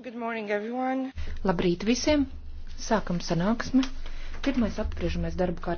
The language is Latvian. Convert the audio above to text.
Good morning, everyone. Labrīt visiem! Sākam sanāksmi. Pirmais apgriežamies darba kārtībā.